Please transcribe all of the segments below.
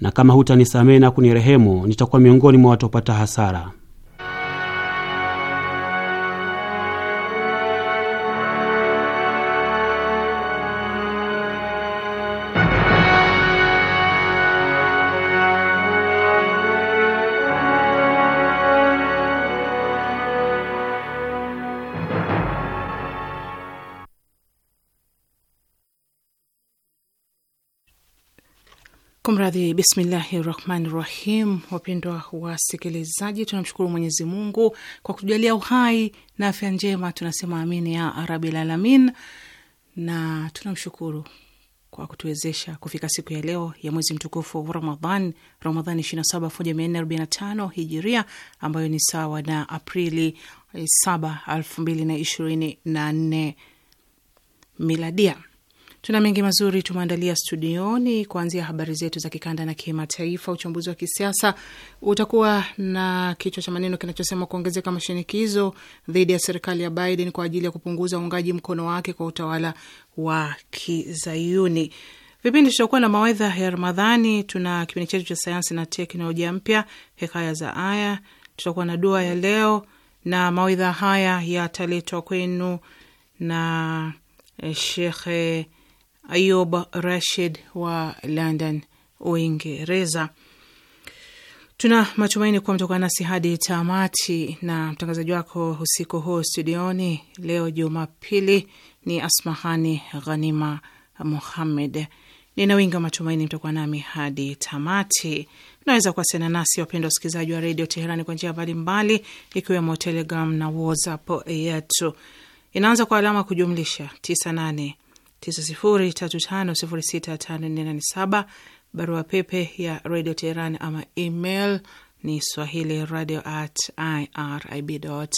na kama hutanisamehe na kunirehemu nitakuwa miongoni mwa watopata hasara. Kumradhi, bismillahi rahmani rahim. Wapendwa wasikilizaji, tunamshukuru Mwenyezi Mungu kwa kutujalia uhai na afya njema, tunasema amini ya arabil alamin, na tunamshukuru kwa kutuwezesha kufika siku ya leo ya mwezi mtukufu wa Ramadhan, Ramadhan 27 1445 hijiria, ambayo ni sawa na Aprili 7 2024 miladia. Tuna mengi mazuri tumeandalia studioni, kuanzia habari zetu za kikanda na kimataifa. Uchambuzi wa kisiasa utakuwa na kichwa cha maneno kinachosema kuongezeka mashinikizo dhidi ya serikali ya Biden kwa ajili ya kupunguza uungaji mkono wake kwa utawala wa Kizayuni. Vipindi tutakuwa na mawaidha ya Ramadhani, tuna kipindi chetu cha sayansi na teknolojia mpya, hekaya za aya, tutakuwa na dua ya leo na mawaidha haya yataletwa kwenu na eh, Shekhe eh, Ayub Rashid wa London, Uingereza. Tuna matumaini kuwa mtakuwa nasi hadi tamati, na mtangazaji wako usiku huu studioni leo Jumapili ni Asmahani Ghanima Muhammed. Nina wingi wa matumaini mtakuwa nami hadi tamati. Naweza kuwasiliana nasi wapendwa wasikilizaji wa redio Teherani kwa njia mbalimbali, ikiwemo Telegram na WhatsApp yetu inaanza kwa alama kujumlisha 98 9356547 barua pepe ya Radio Teheran ama email ni swahili radio at irib ir,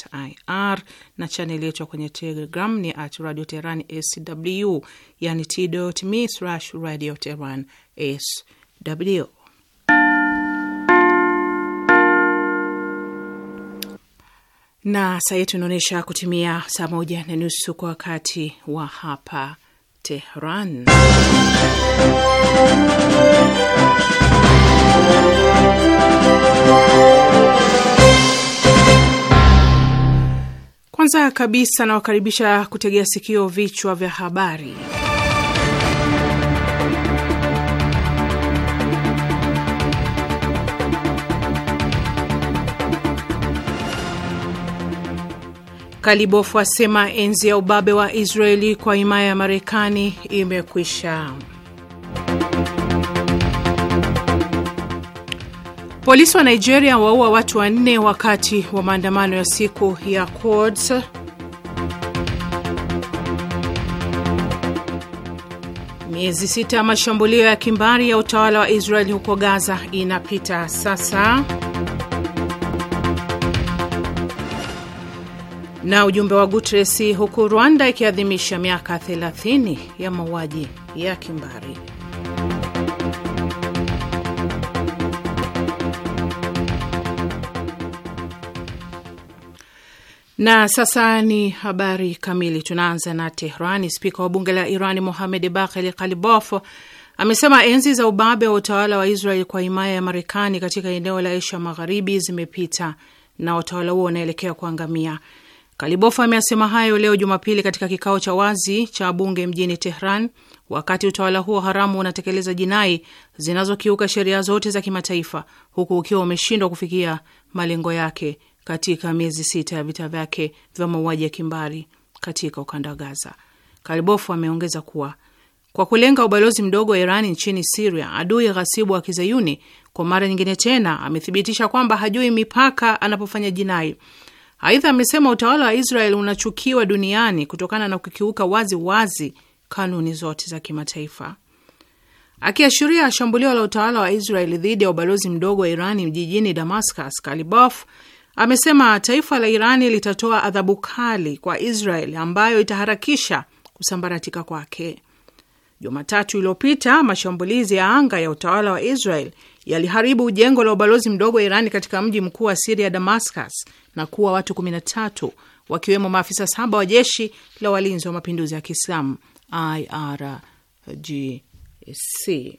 na chaneli yetu kwenye Telegram ni at Radio Teheran sw, yani t.me slash Radio Teheran sw. Na saa yetu inaonyesha kutimia saa moja na nusu kwa wakati wa hapa Tehran. Kwanza kabisa nawakaribisha kutegea sikio vichwa vya habari. Kalibofu asema enzi ya ubabe wa Israeli kwa himaya ya Marekani imekwisha. Polisi wa Nigeria waua watu wanne wakati wa maandamano ya siku ya Quds. Miezi sita ya mashambulio ya kimbari ya utawala wa Israeli huko Gaza inapita sasa. na ujumbe wa Guterres huku Rwanda ikiadhimisha miaka 30 ya mauaji ya kimbari. Na sasa ni habari kamili. Tunaanza na Tehrani. Spika wa bunge la iran Mohamed Bakhel Kalibof amesema enzi za ubabe wa utawala wa Israel kwa himaya ya Marekani katika eneo la Asia Magharibi zimepita na utawala huo unaelekea kuangamia. Kalibof ameasema hayo leo Jumapili katika kikao cha wazi cha bunge mjini Tehran, wakati utawala huo haramu unatekeleza jinai zinazokiuka sheria zote za kimataifa, huku ukiwa umeshindwa kufikia malengo yake katika miezi sita ya vita vyake vya mauaji ya kimbari katika ukanda wa Gaza. Kalibof ameongeza kuwa kwa kulenga ubalozi mdogo wa Iran nchini Siria, adui ghasibu wa kizayuni kwa mara nyingine tena amethibitisha kwamba hajui mipaka anapofanya jinai Aidha amesema utawala wa Israel unachukiwa duniani kutokana na kukiuka wazi wazi kanuni zote za kimataifa, akiashiria shambulio la utawala wa Israel dhidi ya ubalozi mdogo wa Irani jijini Damascus. Kalibof amesema taifa la Irani litatoa adhabu kali kwa Israel ambayo itaharakisha kusambaratika kwake. Jumatatu iliyopita mashambulizi ya anga ya utawala wa Israel yaliharibu jengo la ubalozi mdogo wa Irani katika mji mkuu wa Siria, Damascus, na kuwa watu 13 wakiwemo maafisa saba wa jeshi la walinzi wa mapinduzi ya Kiislamu IRGC.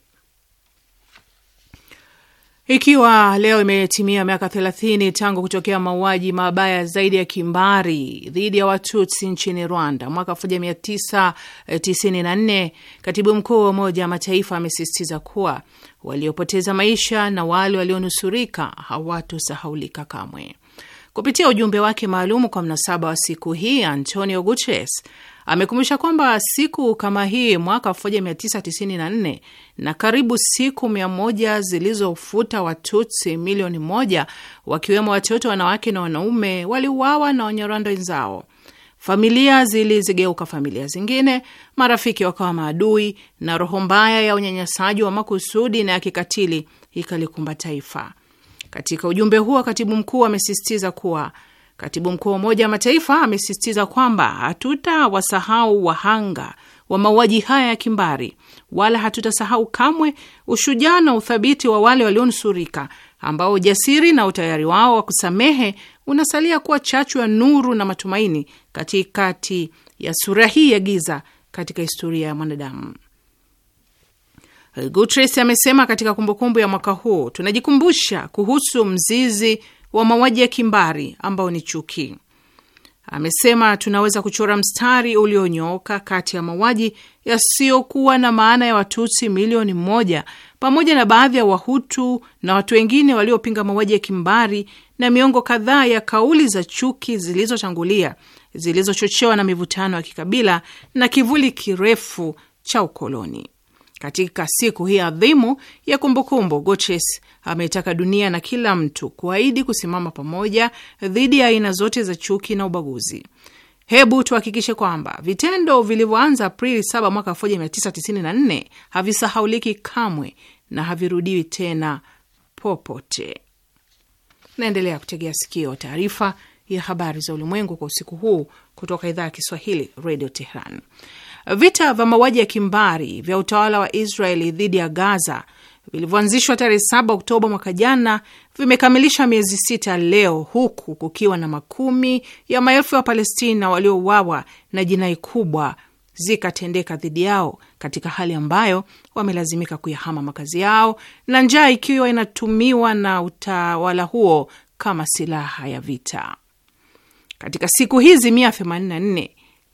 Ikiwa leo imetimia miaka 30 tangu kutokea mauaji mabaya zaidi ya kimbari dhidi ya Watutsi nchini Rwanda mwaka 1994, eh, katibu mkuu wa Umoja wa Mataifa amesisitiza kuwa waliopoteza maisha na wale walionusurika hawatosahaulika kamwe. Kupitia ujumbe wake maalum kwa mnasaba wa siku hii, Antonio Guterres Amekumbusha kwamba siku kama hii mwaka 1994 na karibu siku mia moja zilizofuta Watutsi milioni moja wakiwemo watoto, wanawake na wanaume waliuawa na Wanyarwanda wenzao. Familia zilizigeuka familia zingine, marafiki wakawa maadui, na roho mbaya ya unyanyasaji wa makusudi na ya kikatili ikalikumba taifa. Katika ujumbe huo, katibu mkuu amesisitiza kuwa Katibu mkuu wa Umoja wa Mataifa amesisitiza kwamba hatutawasahau wahanga wa mauaji haya ya kimbari, wala hatutasahau kamwe ushujaa na uthabiti wa wale walionusurika, ambao ujasiri na utayari wao wa kusamehe unasalia kuwa chachu ya nuru na matumaini katikati ya sura hii ya giza katika historia ya mwanadamu. Guterres amesema katika kumbukumbu ya mwaka huu, tunajikumbusha kuhusu mzizi wa mauaji ya kimbari ambao ni chuki. Amesema tunaweza kuchora mstari ulionyooka kati ya mauaji yasiyokuwa na maana ya Watutsi milioni moja pamoja na baadhi ya Wahutu na watu wengine waliopinga mauaji ya kimbari na miongo kadhaa ya kauli za chuki zilizotangulia zilizochochewa na mivutano ya kikabila na kivuli kirefu cha ukoloni. Katika siku hii adhimu ya kumbukumbu, Guterres ametaka dunia na kila mtu kuahidi kusimama pamoja dhidi ya aina zote za chuki na ubaguzi. Hebu tuhakikishe kwamba vitendo vilivyoanza Aprili 7 mwaka 1994 havisahauliki kamwe na havirudiwi tena popote. Naendelea kutegea sikio taarifa ya habari za ulimwengu kwa usiku huu kutoka idhaa ya Kiswahili, Radio Tehran. Vita vya mauaji ya kimbari vya utawala wa Israeli dhidi ya Gaza vilivyoanzishwa tarehe 7 Oktoba mwaka jana vimekamilisha miezi sita leo, huku kukiwa na makumi ya maelfu ya Wapalestina waliouawa na jinai kubwa zikatendeka dhidi yao katika hali ambayo wamelazimika kuyahama makazi yao na njaa ikiwa inatumiwa na utawala huo kama silaha ya vita. Katika siku hizi nne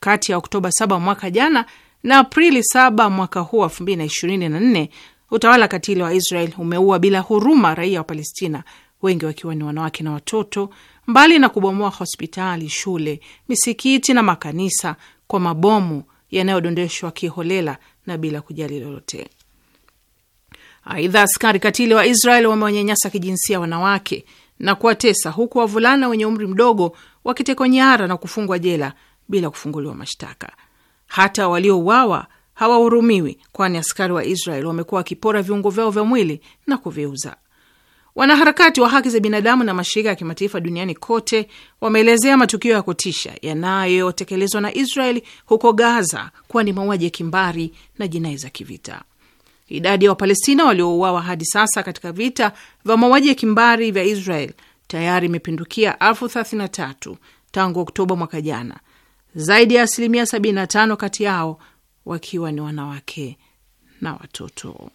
kati ya Oktoba 7 mwaka jana na Aprili 7 mwaka huu 2024, utawala katili wa Israel umeua bila huruma raia wa Palestina, wengi wakiwa ni wanawake na watoto, mbali na kubomoa hospitali, shule, misikiti na makanisa kwa mabomu yanayodondeshwa kiholela na bila kujali lolote. Aidha, askari katili wa Israel wamewanyanyasa kijinsia wanawake na kuwatesa, huku wavulana wenye umri mdogo wakitekwa nyara na kufungwa jela bila kufunguliwa mashtaka. Hata waliouawa hawahurumiwi, kwani askari wa Israel wamekuwa wakipora viungo vyao vya mwili na kuviuza. Wanaharakati wa haki za binadamu na mashirika ya kimataifa duniani kote wameelezea matukio ya kutisha yanayotekelezwa na israel huko Gaza kuwa ni mauaji ya kimbari na jinai za kivita. Idadi ya Wapalestina waliouawa hadi sasa katika vita vya mauaji ya kimbari vya Israel tayari imepindukia elfu 33 tangu Oktoba mwaka jana, zaidi ya asilimia 75 kati yao wakiwa ni wanawake na watoto.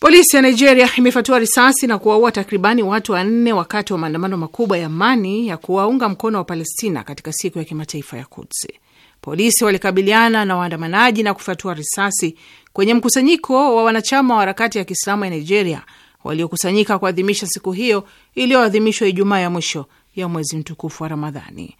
Polisi ya Nigeria imefatua risasi na kuwaua takribani watu wanne wakati wa maandamano makubwa ya amani ya kuwaunga mkono wa Palestina katika siku ya kimataifa ya Kudsi. Polisi walikabiliana na waandamanaji na kufatua risasi kwenye mkusanyiko wa wanachama wa harakati ya Kiislamu ya Nigeria waliokusanyika kuadhimisha siku hiyo iliyoadhimishwa Ijumaa ya mwisho ya mwezi mtukufu wa Ramadhani.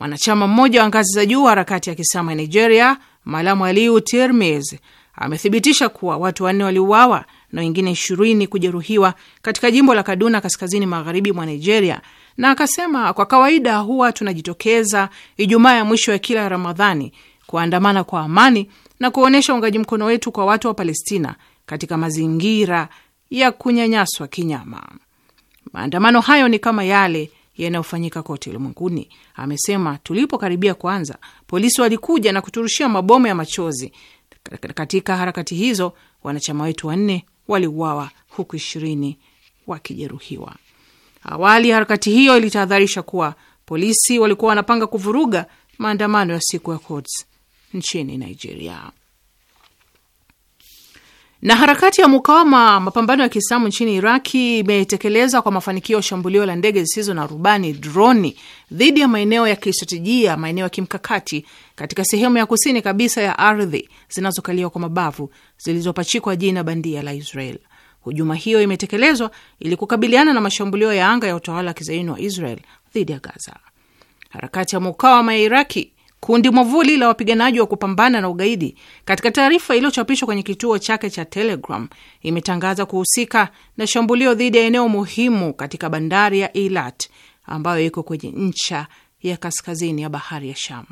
Mwanachama mmoja wa ngazi za juu harakati ya kisama ya Nigeria, malamu Aliu termes amethibitisha kuwa watu wanne waliuawa na wengine ishirini kujeruhiwa katika jimbo la Kaduna, kaskazini magharibi mwa Nigeria, na akasema, kwa kawaida huwa tunajitokeza Ijumaa ya mwisho ya kila Ramadhani kuandamana kwa amani na kuonyesha uungaji mkono wetu kwa watu wa Palestina katika mazingira ya kunyanyaswa kinyama. Maandamano hayo ni kama yale yanayofanyika kote ulimwenguni. Amesema tulipokaribia kwanza polisi walikuja na kuturushia mabomu ya machozi. Katika harakati hizo wanachama wetu wanne waliuawa huku ishirini wakijeruhiwa. Awali harakati hiyo ilitahadharisha kuwa polisi walikuwa wanapanga kuvuruga maandamano ya siku ya Quds nchini Nigeria. Na harakati ya mukawama mapambano ya Kiislamu nchini Iraki imetekeleza kwa mafanikio ya shambulio la ndege zisizo na rubani droni dhidi ya maeneo ya kistratejia, maeneo ya kimkakati katika sehemu ya kusini kabisa ya ardhi zinazokaliwa kwa mabavu zilizopachikwa jina bandia la Israel. Hujuma hiyo imetekelezwa ili kukabiliana na mashambulio ya anga ya utawala wa kizaini wa Israel dhidi ya Gaza. Harakati ya mukawama ya Iraki kundi mwavuli la wapiganaji wa kupambana na ugaidi katika taarifa iliyochapishwa kwenye kituo chake cha Telegram imetangaza kuhusika na shambulio dhidi ya eneo muhimu katika bandari ya Eilat ambayo iko kwenye ncha ya kaskazini ya bahari ya Sham.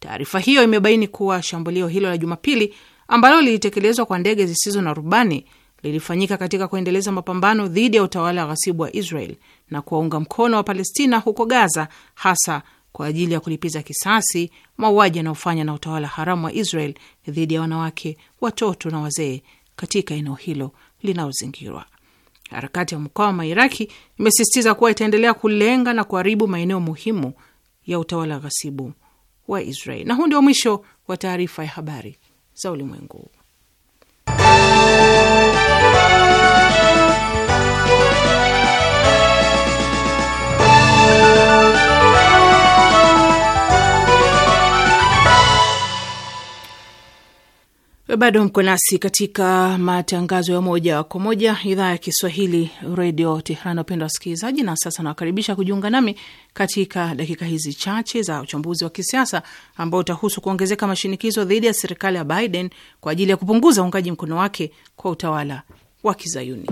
Taarifa hiyo imebaini kuwa shambulio hilo la Jumapili ambalo lilitekelezwa kwa ndege zisizo na rubani lilifanyika katika kuendeleza mapambano dhidi ya utawala wa ghasibu wa Israel na kuwaunga mkono wa Palestina huko Gaza, hasa kwa ajili ya kulipiza kisasi mauaji yanayofanywa na utawala haramu wa Israel dhidi ya wanawake, watoto na wazee katika eneo hilo linalozingirwa. Harakati ya wa Iraki imesisitiza kuwa itaendelea kulenga na kuharibu maeneo muhimu ya utawala ghasibu wa Israel. Na huu ndio mwisho wa taarifa ya habari za ulimwengu. Bado mko nasi katika matangazo ya moja kwa moja idhaa ya Kiswahili redio Tehran, wapendwa wasikilizaji. Na sasa nawakaribisha kujiunga nami katika dakika hizi chache za uchambuzi wa kisiasa ambao utahusu kuongezeka mashinikizo dhidi ya serikali ya Biden kwa ajili ya kupunguza uungaji mkono wake kwa utawala wa Kizayuni.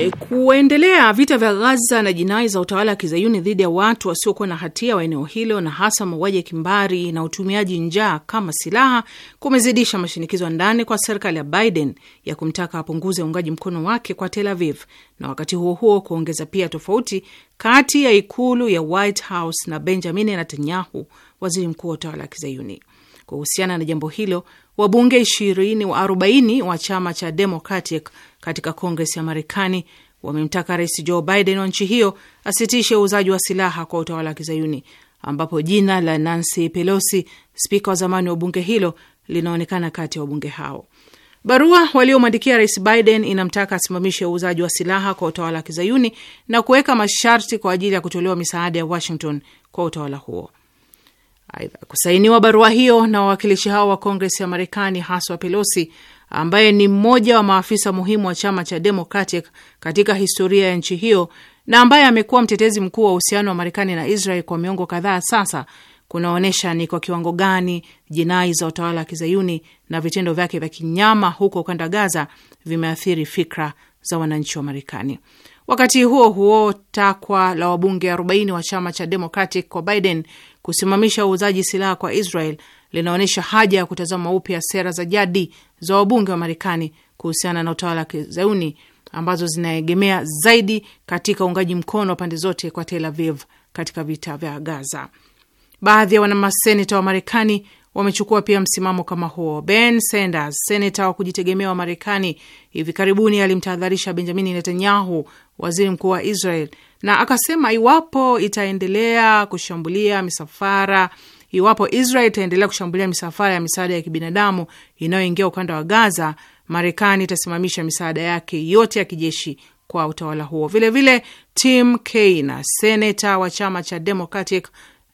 E, kuendelea vita vya Gaza na jinai za utawala wa kizayuni dhidi ya watu wasiokuwa na hatia wa eneo hilo na hasa mauaji ya kimbari na utumiaji njaa kama silaha kumezidisha mashinikizo ya ndani kwa serikali ya Biden ya kumtaka apunguze uungaji mkono wake kwa Tel Aviv na wakati huo huo kuongeza pia tofauti kati ya ikulu ya White House na Benjamin Netanyahu, waziri mkuu wa utawala wa kizayuni. Kuhusiana na jambo hilo, wabunge ishirini wa 40 wa chama cha Democratic katika Kongres ya Marekani wamemtaka Rais Joe Biden wa nchi hiyo asitishe uuzaji wa silaha kwa utawala wa Kizayuni, ambapo jina la Nancy Pelosi, spika wa zamani wa bunge hilo, linaonekana kati ya wabunge hao. Barua waliomwandikia Rais Biden inamtaka asimamishe uuzaji wa silaha kwa utawala wa Kizayuni na kuweka masharti kwa ajili ya kutolewa misaada ya Washington kwa utawala huo. Aidha, kusainiwa barua hiyo na wawakilishi hao wa Kongres ya Marekani, haswa Pelosi, ambaye ni mmoja wa maafisa muhimu wa chama cha Democratic katika historia ya nchi hiyo na ambaye amekuwa mtetezi mkuu wa uhusiano wa Marekani na Israel kwa miongo kadhaa sasa, kunaonyesha ni kwa kiwango gani jinai za utawala wa kizayuni na vitendo vyake vya kinyama huko ukanda Gaza vimeathiri fikra za wananchi wa Marekani. Wakati huo huo, takwa la wabunge 40 wa chama cha Democratic kwa Biden kusimamisha uuzaji silaha kwa Israel linaonyesha haja ya kutazama upya sera za jadi za wabunge wa Marekani kuhusiana na utawala wa kizayuni ambazo zinaegemea zaidi katika uungaji mkono wa pande zote kwa Tel Aviv katika vita vya Gaza. Baadhi ya wanamaseneta wa Marekani wamechukua pia msimamo kama huo. Ben Sanders, seneta wa kujitegemea wa Marekani, hivi karibuni alimtahadharisha Benjamini Netanyahu, waziri mkuu wa Israel, na akasema iwapo itaendelea kushambulia misafara iwapo Israel itaendelea kushambulia misafara ya misaada ya kibinadamu inayoingia ukanda wa Gaza, Marekani itasimamisha misaada yake yote ya kijeshi kwa utawala huo. Vilevile, Tim Kaine, seneta wa chama cha Democratic,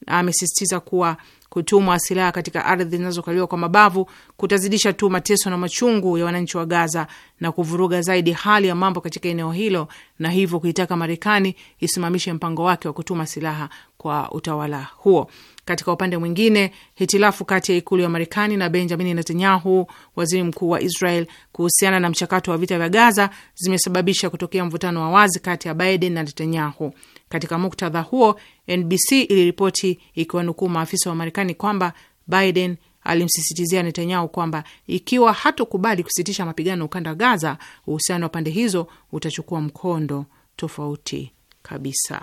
amesisitiza kuwa kutumwa silaha katika ardhi zinazokaliwa kwa mabavu kutazidisha tu mateso na machungu ya wananchi wa Gaza na kuvuruga zaidi hali ya mambo katika eneo hilo, na hivyo kuitaka Marekani isimamishe mpango wake wa kutuma silaha kwa utawala huo. Katika upande mwingine, hitilafu kati ya ikulu ya Marekani na Benjamin Netanyahu, waziri mkuu wa Israel, kuhusiana na mchakato wa vita vya Gaza zimesababisha kutokea mvutano wa wazi kati ya Biden na Netanyahu. Katika muktadha huo, NBC iliripoti ikiwanukuu maafisa wa Marekani kwamba Biden alimsisitizia Netanyahu kwamba ikiwa hatokubali kusitisha mapigano ukanda wa Gaza, uhusiano wa pande hizo utachukua mkondo tofauti kabisa.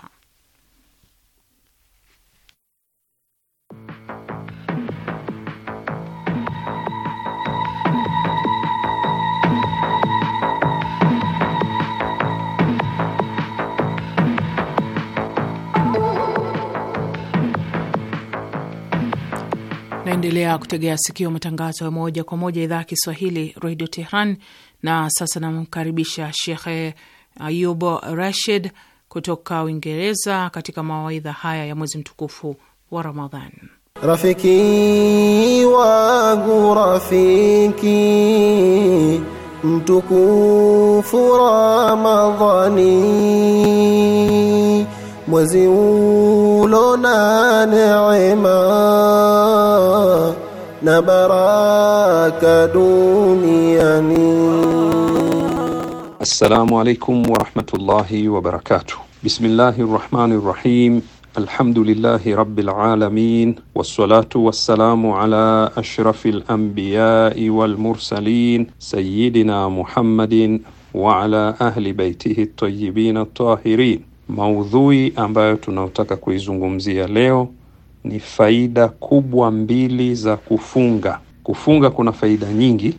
Naendelea kutegea sikio matangazo ya moja kwa moja idhaa ya Kiswahili redio Tehran. Na sasa namkaribisha Shekhe Ayubo Rashid kutoka Uingereza katika mawaidha haya ya mwezi mtukufu wa Ramadhan. Rafiki wangu rafiki mtukufu Ramadhani mwezi ulona neema na baraka duniani. Assalamu alaikum warahmatullahi wabarakatuh. Bismillahi rrahmani rrahim. الحمد لله رب العالمين والصلاة والسلام على أشرف الأنبياء والمرسلين سيدنا محمد وعلى أهل بيته الطيبين الطاهرين Maudhui ambayo tunaotaka kuizungumzia leo ni faida kubwa mbili za kufunga. Kufunga kuna faida nyingi.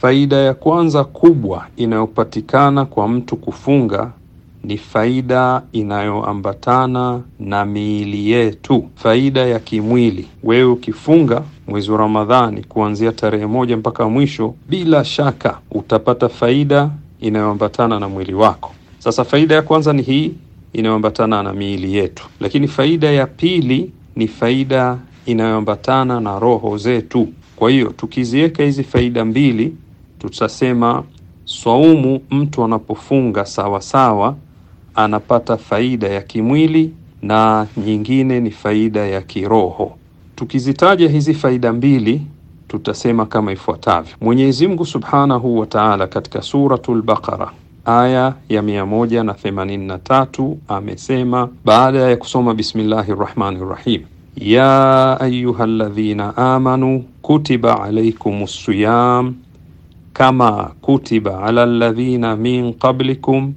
Faida ya kwanza kubwa inayopatikana kwa mtu kufunga ni faida inayoambatana na miili yetu, faida ya kimwili. Wewe ukifunga mwezi wa Ramadhani kuanzia tarehe moja mpaka mwisho, bila shaka utapata faida inayoambatana na mwili wako. Sasa faida ya kwanza ni hii inayoambatana na miili yetu. Lakini faida ya pili ni faida inayoambatana na roho zetu. Kwa hiyo tukiziweka hizi faida mbili, tutasema swaumu, mtu anapofunga sawa sawa anapata faida ya kimwili na nyingine ni faida ya kiroho. Tukizitaja hizi faida mbili tutasema kama ifuatavyo: Mwenyezi Mungu Subhanahu wa Ta'ala katika suratul Baqara aya ya mia moja na themanini na tatu amesema baada ya kusoma bismillahi rahmani rahim, ya ayuha ladhina amanu kutiba alaikum siyam kama kutiba ala ladhina min qablikum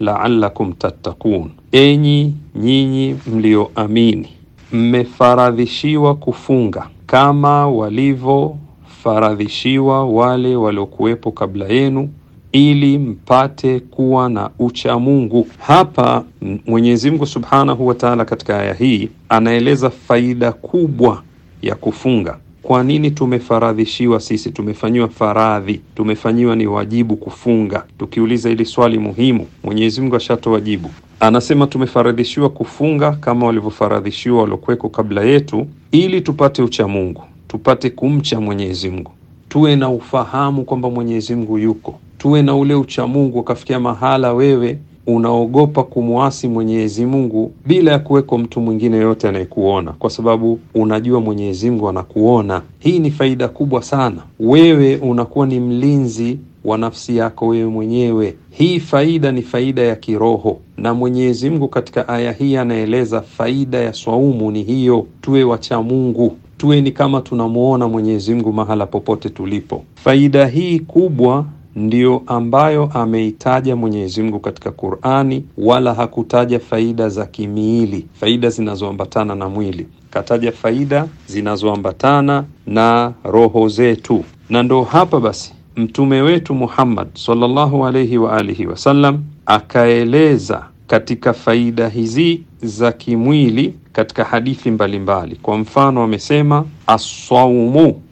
laallakum tattaqun, enyi nyinyi mlioamini mmefaradhishiwa kufunga kama walivyofaradhishiwa wale waliokuwepo kabla yenu ili mpate kuwa na ucha Mungu. Hapa Mwenyezi Mungu Subhanahu wa Ta'ala, katika aya hii anaeleza faida kubwa ya kufunga. Kwa nini tumefaradhishiwa sisi, tumefanyiwa faradhi, tumefanyiwa ni wajibu kufunga? Tukiuliza hili swali muhimu, Mwenyezi Mungu ashatoa wajibu. Anasema tumefaradhishiwa kufunga kama walivyofaradhishiwa waliokuweko kabla yetu, ili tupate ucha Mungu, tupate kumcha Mwenyezi Mungu, tuwe na ufahamu kwamba Mwenyezi Mungu yuko tuwe na ule uchamungu, ukafikia mahala wewe unaogopa kumwasi Mwenyezi Mungu bila ya kuweko mtu mwingine yoyote anayekuona, kwa sababu unajua Mwenyezi Mungu anakuona. Hii ni faida kubwa sana, wewe unakuwa ni mlinzi wa nafsi yako wewe mwenyewe. Hii faida ni faida ya kiroho, na Mwenyezi Mungu katika aya hii anaeleza faida ya swaumu ni hiyo, tuwe wacha Mungu, tuwe ni kama tunamwona Mwenyezi Mungu mahala popote tulipo. Faida hii kubwa ndiyo ambayo ameitaja Mwenyezi Mungu katika Qur'ani, wala hakutaja faida za kimiili, faida zinazoambatana na mwili, kataja faida zinazoambatana na roho zetu. Na ndo hapa basi mtume wetu Muhammad sallallahu alayhi wa alihi wasallam akaeleza katika faida hizi za kimwili katika hadithi mbalimbali Kwa mfano amesema, assaumu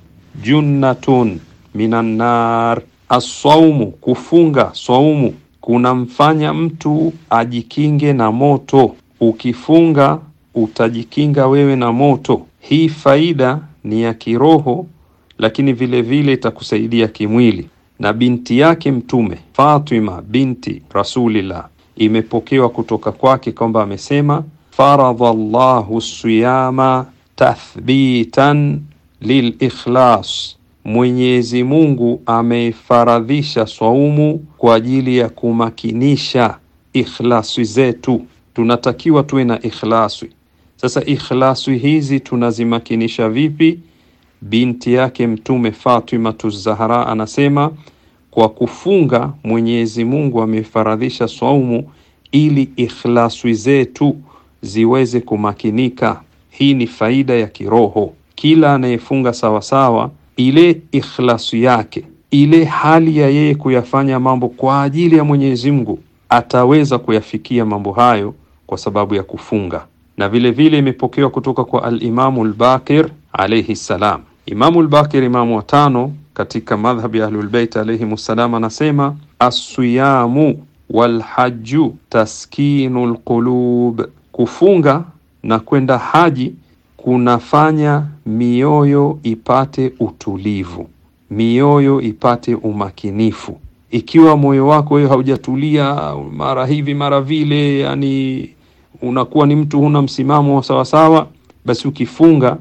junnatun minan nar Aswaumu, kufunga swaumu kunamfanya mtu ajikinge na moto. Ukifunga utajikinga wewe na moto. Hii faida ni ya kiroho, lakini vile vile itakusaidia kimwili. Na binti yake Mtume Fatima binti Rasulillah, imepokewa kutoka kwake kwamba amesema faradha llahu siyama tathbitan lilikhlas Mwenyezi Mungu ameifaradhisha swaumu kwa ajili ya kumakinisha ikhlasi zetu. Tunatakiwa tuwe na ikhlasi. Sasa ikhlasi hizi tunazimakinisha vipi? Binti yake Mtume Fatima Tuzahara anasema kwa kufunga, Mwenyezi Mungu ameifaradhisha swaumu ili ikhlasi zetu ziweze kumakinika. Hii ni faida ya kiroho. Kila anayefunga sawasawa ile ikhlasu yake, ile hali ya yeye kuyafanya mambo kwa ajili ya Mwenyezi Mungu, ataweza kuyafikia mambo hayo kwa sababu ya kufunga. Na vile vile imepokewa kutoka kwa Alimamu Lbakir alayhi salam Imamu al-Bakir, imamu wa tano katika madhhabi ya Bait alayhi salam anasema as-siyamu walhaju taskinu lqulub, kufunga na kwenda haji kunafanya mioyo ipate utulivu, mioyo ipate umakinifu. Ikiwa moyo wako wewe haujatulia, mara hivi mara vile, yani unakuwa ni mtu huna msimamo wa sawasawa, basi ukifunga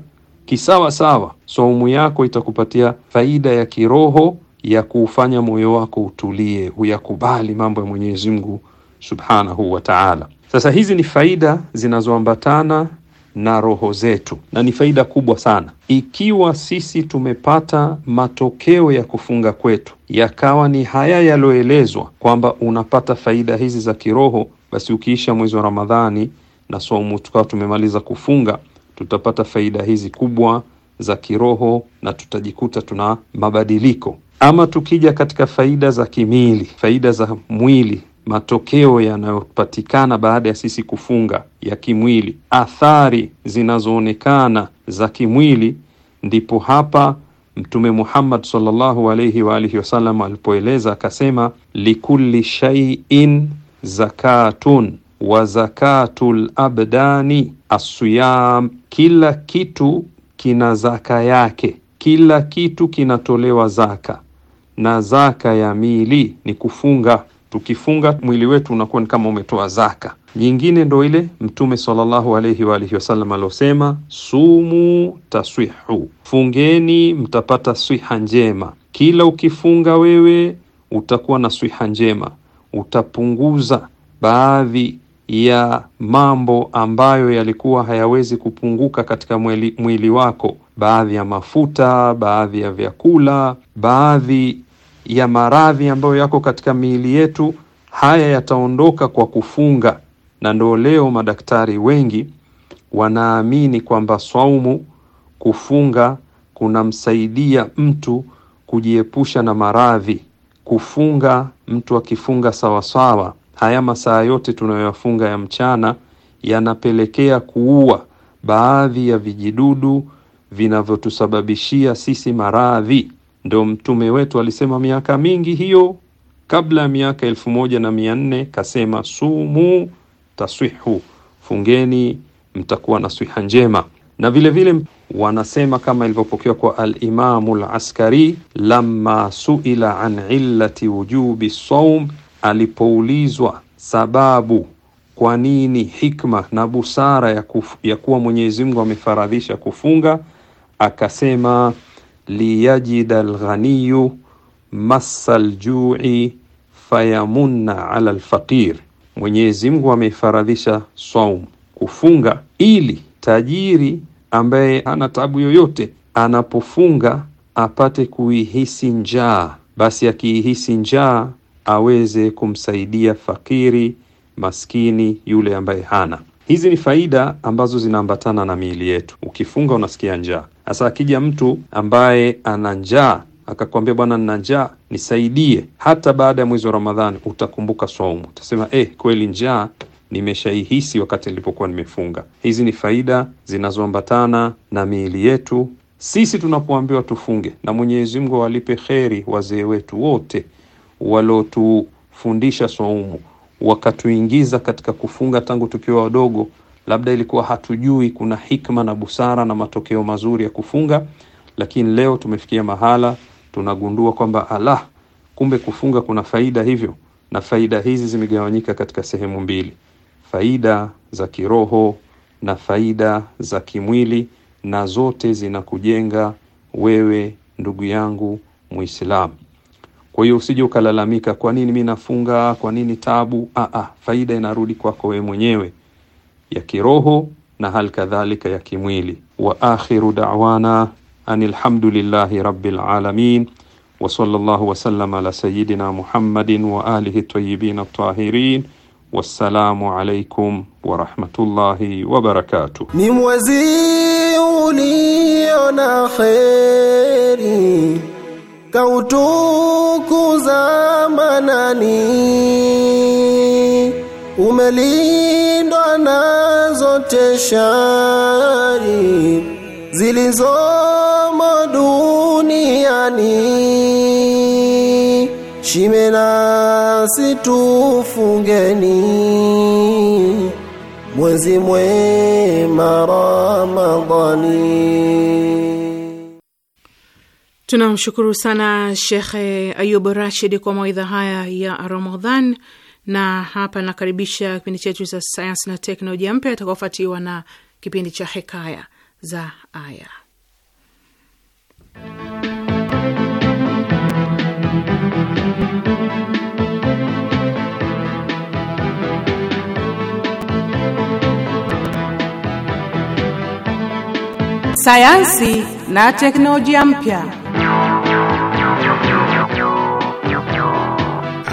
kisawa sawa, saumu yako itakupatia faida ya kiroho ya kuufanya moyo wako utulie, uyakubali mambo ya Mwenyezi Mungu Subhanahu wa Ta'ala. Sasa hizi ni faida zinazoambatana na roho zetu, na ni faida kubwa sana ikiwa sisi tumepata matokeo ya kufunga kwetu yakawa ni haya yaliyoelezwa, kwamba unapata faida hizi za kiroho, basi ukiisha mwezi wa Ramadhani na somo tukawa tumemaliza kufunga, tutapata faida hizi kubwa za kiroho na tutajikuta tuna mabadiliko. Ama tukija katika faida za kimwili, faida za mwili matokeo yanayopatikana baada ya sisi kufunga ya kimwili, athari zinazoonekana za kimwili, ndipo hapa Mtume Muhammad sallallahu alayhi wa alihi wasallam alipoeleza akasema, likulli shay'in zakatun wa zakatul abdani assiyam kila kitu kina zaka yake, kila kitu kinatolewa zaka, na zaka ya mili ni kufunga. Tukifunga mwili wetu unakuwa ni kama umetoa zaka. Nyingine ndo ile Mtume sallallahu alayhi wa alihi wasallam aliosema, sumu taswihu, fungeni mtapata swiha njema. Kila ukifunga wewe utakuwa na swiha njema, utapunguza baadhi ya mambo ambayo yalikuwa hayawezi kupunguka katika mwili, mwili wako, baadhi ya mafuta, baadhi ya vyakula, baadhi ya maradhi ambayo yako katika miili yetu, haya yataondoka kwa kufunga, na ndio leo madaktari wengi wanaamini kwamba swaumu, kufunga kunamsaidia mtu kujiepusha na maradhi. Kufunga, mtu akifunga sawasawa, haya masaa yote tunayoyafunga ya mchana yanapelekea kuua baadhi ya vijidudu vinavyotusababishia sisi maradhi. Ndio mtume wetu alisema miaka mingi hiyo kabla ya miaka elfu moja na mia nne kasema, sumu taswihu, fungeni mtakuwa na swiha njema. Na vile vile wanasema kama ilivyopokewa kwa Alimamu Laskari, lama suila an illati wujubi saum, alipoulizwa sababu kwa nini hikma na busara ya, ya kuwa Mwenyezi Mungu amefaradhisha kufunga akasema liyajida alghaniyu massa aljui fayamunna ala alfaqir, Mwenyezi Mungu ameifaradhisha saum, kufunga ili tajiri ambaye hana tabu yoyote anapofunga apate kuihisi njaa, basi akiihisi njaa aweze kumsaidia fakiri maskini yule ambaye hana. Hizi ni faida ambazo zinaambatana na miili yetu. Ukifunga unasikia njaa, Hasa akija mtu ambaye ana njaa akakwambia, bwana, nina njaa nisaidie, hata baada ya mwezi wa Ramadhani utakumbuka swaumu, utasema eh, kweli njaa nimeshaihisi wakati nilipokuwa nimefunga. Hizi ni faida zinazoambatana na miili yetu sisi tunapoambiwa tufunge, na Mwenyezi Mungu awalipe kheri wazee wetu wote walotufundisha swaumu, wakatuingiza katika kufunga tangu tukiwa wadogo labda ilikuwa hatujui kuna hikma na busara na matokeo mazuri ya kufunga, lakini leo tumefikia mahala tunagundua kwamba ala, kumbe kufunga kuna faida hivyo, na faida hizi zimegawanyika katika sehemu mbili: faida za kiroho na faida za kimwili, na zote zinakujenga wewe ndugu yangu Muislamu. Kwa hiyo usije ukalalamika, kwa nini mimi nafunga, kwa nini tabu? Aa, faida inarudi kwako wewe mwenyewe ya kiroho na hal kadhalika ya kimwili. Wa akhiru da'wana anil hamdulillahi rabbil alamin wa sallallahu wa sallama ala sayyidina Muhammadin wa alihi tayyibin at-tahirin. Wassalamu alaikum warahmatullahi wabarakatuh. Ni mwezi ulio kheri, kautukuza manani umelindwa na zote shari zilizomo duniani, shime nasi tufungeni mwezi mwema Ramadhani. Tunamshukuru sana Shekhe Ayub Rashid kwa mawaidha haya ya Ramadhan na hapa nakaribisha kipindi chetu cha sayansi na teknolojia mpya itakaofuatiwa na kipindi cha hekaya za aya. Sayansi na teknolojia mpya.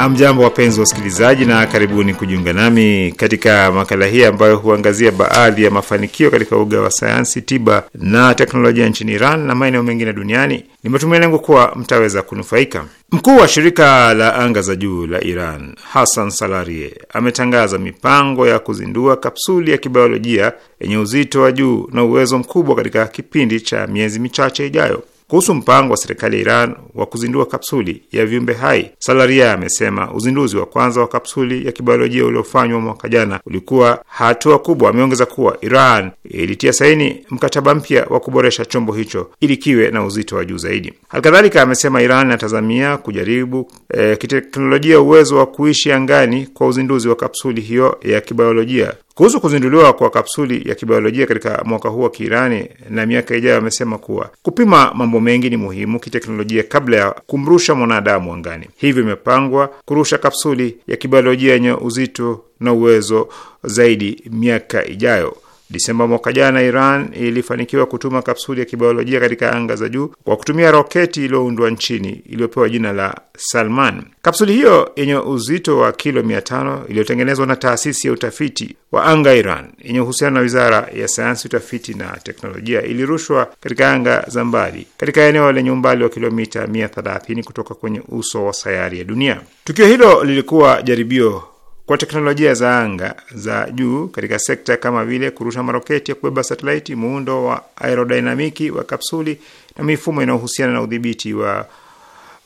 Amjambo, wapenzi wa usikilizaji, na karibuni kujiunga nami katika makala hii ambayo huangazia baadhi ya mafanikio katika uga wa sayansi, tiba na teknolojia nchini Iran na maeneo mengine duniani. Ni matumaini yangu kuwa mtaweza kunufaika. Mkuu wa shirika la anga za juu la Iran Hassan Salarie ametangaza mipango ya kuzindua kapsuli ya kibiolojia yenye uzito wa juu na uwezo mkubwa katika kipindi cha miezi michache ijayo. Kuhusu mpango wa serikali ya Iran wa kuzindua kapsuli ya viumbe hai, Salaria amesema uzinduzi wa kwanza wa kapsuli ya kibiolojia uliofanywa mwaka jana ulikuwa hatua kubwa. Ameongeza kuwa Iran ilitia saini mkataba mpya wa kuboresha chombo hicho ili kiwe na uzito wa juu zaidi. Halikadhalika amesema Iran inatazamia kujaribu e, kiteknolojia uwezo wa kuishi angani kwa uzinduzi wa kapsuli hiyo ya kibiolojia kuhusu kuzinduliwa kwa kapsuli ya kibiolojia katika mwaka huu wa Kiirani na miaka ijayo, amesema kuwa kupima mambo mengi ni muhimu kiteknolojia kabla ya kumrusha mwanadamu angani. Hivyo imepangwa kurusha kapsuli ya kibiolojia yenye uzito na uwezo zaidi miaka ijayo. Disemba mwaka jana, Iran ilifanikiwa kutuma kapsuli ya kibiolojia katika anga za juu kwa kutumia roketi iliyoundwa nchini iliyopewa jina la Salman. Kapsuli hiyo yenye uzito wa kilo 500 iliyotengenezwa na taasisi ya utafiti wa anga Iran yenye uhusiano na wizara ya sayansi, utafiti na teknolojia ilirushwa katika anga za mbali katika eneo lenye umbali wa kilomita 130 kutoka kwenye uso wa sayari ya dunia. Tukio hilo lilikuwa jaribio kwa teknolojia za anga za juu katika sekta kama vile kurusha maroketi ya kubeba satelaiti, muundo wa aerodinamiki wa kapsuli na mifumo inayohusiana na udhibiti wa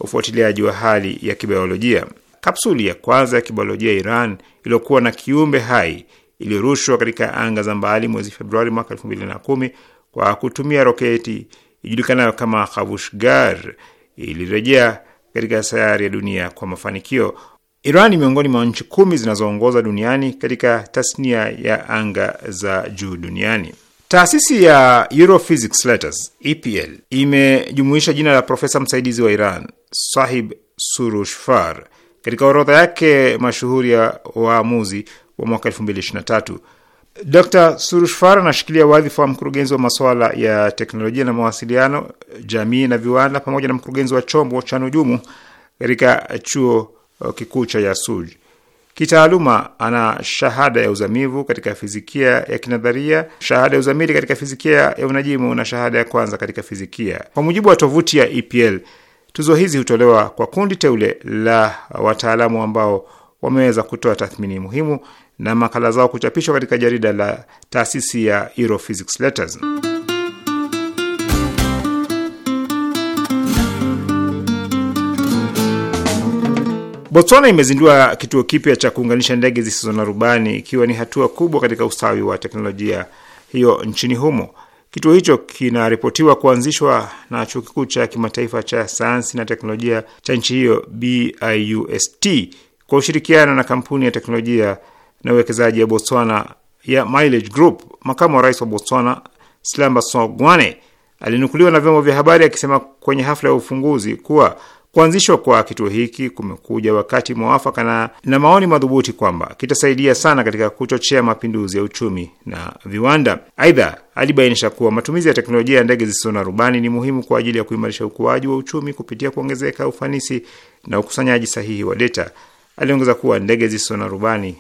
ufuatiliaji wa hali ya kibiolojia. Kapsuli ya kwanza ya kibiolojia Iran iliyokuwa na kiumbe hai iliyorushwa katika anga za mbali mwezi Februari mwaka kumi kwa kutumia roketi ijulikanayo kama havushgar ilirejea katika sayari ya dunia kwa mafanikio. Iran ni miongoni mwa nchi kumi zinazoongoza duniani katika tasnia ya anga za juu duniani. Taasisi ya Europhysics Letters EPL imejumuisha jina la profesa msaidizi wa Iran Sahib Surushfar katika orodha yake mashuhuri ya waamuzi wa mwaka 2023. Dr Surushfar anashikilia wadhifa wa mkurugenzi wa masuala ya teknolojia na mawasiliano, jamii na viwanda, pamoja na mkurugenzi wa chombo cha nujumu katika chuo Eh, kikuu cha Yasuj. Kitaaluma ana shahada ya uzamivu katika fizikia ya kinadharia, shahada ya uzamili katika fizikia ya unajimu na shahada ya kwanza katika fizikia. Kwa mujibu wa tovuti ya EPL, tuzo hizi hutolewa kwa kundi teule la wataalamu ambao wameweza kutoa tathmini muhimu na makala zao kuchapishwa katika jarida la taasisi ya Europhysics Letters. Botswana imezindua kituo kipya cha kuunganisha ndege zisizo na rubani ikiwa ni hatua kubwa katika ustawi wa teknolojia hiyo nchini humo. Kituo hicho kinaripotiwa kuanzishwa na chuo kikuu cha kimataifa cha sayansi na teknolojia cha nchi hiyo BIUST kwa ushirikiano na kampuni ya teknolojia na uwekezaji ya Botswana ya Mileage Group. Makamu wa rais wa Botswana Slamba Sogwane alinukuliwa na vyombo vya habari akisema kwenye hafla ya ufunguzi kuwa Kuanzishwa kwa kituo hiki kumekuja wakati mwafaka na, na maoni madhubuti kwamba kitasaidia sana katika kuchochea mapinduzi ya uchumi na viwanda. Aidha, alibainisha kuwa matumizi ya teknolojia ya ndege zisizo na rubani ni muhimu kwa ajili ya kuimarisha ukuaji wa uchumi kupitia kuongezeka ufanisi na ukusanyaji sahihi wa data. Aliongeza kuwa ndege zisizo na rubani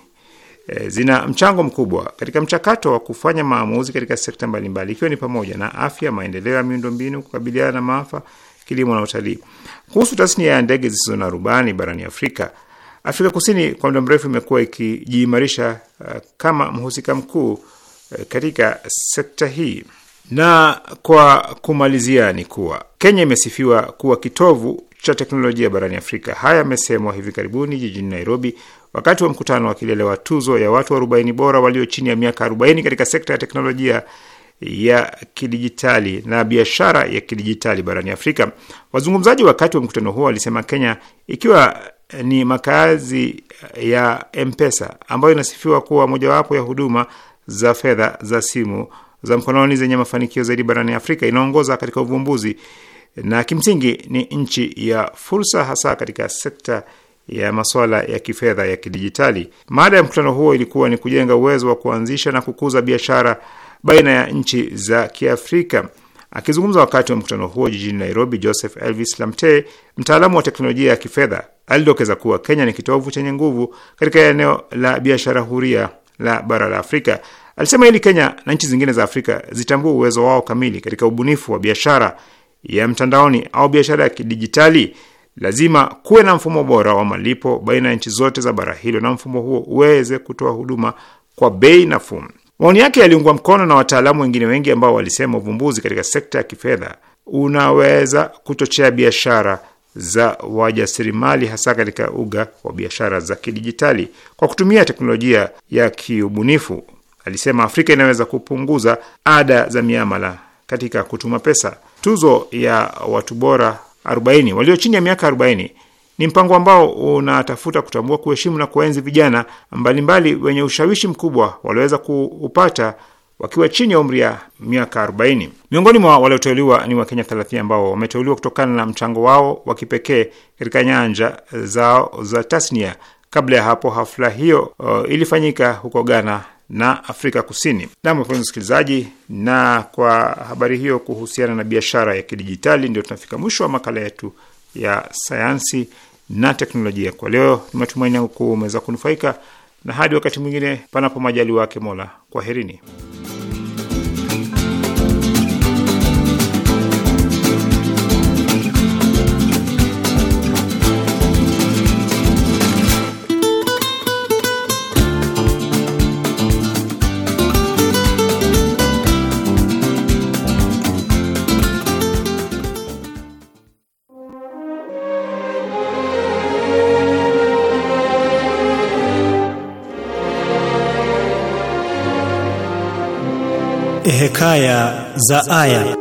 e, zina mchango mkubwa katika mchakato wa kufanya maamuzi katika sekta mbalimbali, ikiwa ni pamoja na afya, maendeleo ya miundombinu, kukabiliana na maafa kilimo na utalii. Kuhusu tasnia ya ndege zisizo na rubani barani Afrika, Afrika Kusini kwa muda mrefu imekuwa ikijiimarisha uh, kama mhusika mkuu uh, katika sekta hii. Na kwa kumalizia ni kuwa Kenya imesifiwa kuwa kitovu cha teknolojia barani Afrika. Haya yamesemwa hivi karibuni jijini Nairobi wakati wa mkutano wa kilele wa tuzo ya watu 40 bora walio chini ya miaka 40 katika sekta ya teknolojia ya kidijitali na biashara ya kidijitali barani Afrika. Wazungumzaji wakati wa mkutano huo walisema Kenya ikiwa eh, ni makazi eh, ya M-Pesa ambayo inasifiwa kuwa mojawapo ya huduma za fedha za simu za mkononi zenye mafanikio zaidi barani Afrika, inaongoza katika uvumbuzi na kimsingi ni nchi ya fursa, hasa katika sekta ya masuala ya kifedha ya kidijitali. Maada ya mkutano huo ilikuwa ni kujenga uwezo wa kuanzisha na kukuza biashara baina ya nchi za Kiafrika. Akizungumza wakati wa mkutano huo jijini Nairobi, Joseph Elvis Lamte, mtaalamu wa teknolojia ya kifedha, alidokeza kuwa Kenya ni kitovu chenye nguvu katika eneo la biashara huria la bara la Afrika. Alisema ili Kenya na nchi zingine za Afrika zitambue uwezo wao kamili katika ubunifu wa biashara ya mtandaoni au biashara ya kidijitali, lazima kuwe na mfumo bora wa malipo baina ya nchi zote za bara hilo, na mfumo huo uweze kutoa huduma kwa bei nafuu. Maoni yake yaliungwa mkono na wataalamu wengine wengi ambao walisema uvumbuzi katika sekta ya kifedha unaweza kuchochea biashara za wajasirimali hasa katika uga wa biashara za kidijitali kwa kutumia teknolojia ya kiubunifu. Alisema Afrika inaweza kupunguza ada za miamala katika kutuma pesa. Tuzo ya watu bora 40 walio chini ya miaka 40 ni mpango ambao unatafuta kutambua, kuheshimu na kuenzi vijana mbalimbali wenye ushawishi mkubwa walioweza kuupata wakiwa chini ya umri ya miaka 40. Miongoni mwa walioteuliwa ni Wakenya 30 ambao wameteuliwa kutokana na mchango wao wa kipekee katika nyanja zao za tasnia. Kabla ya hapo, hafla hiyo uh, ilifanyika huko Ghana na Afrika Kusini. Nam, wapenzi msikilizaji, na kwa habari hiyo kuhusiana na biashara ya kidijitali, ndio tunafika mwisho wa makala yetu ya sayansi na teknolojia. Kwa leo ni matumaini yangu kuwa umeweza kunufaika, na hadi wakati mwingine, panapo majali wake Mola, kwaherini. Hekaya za Aya.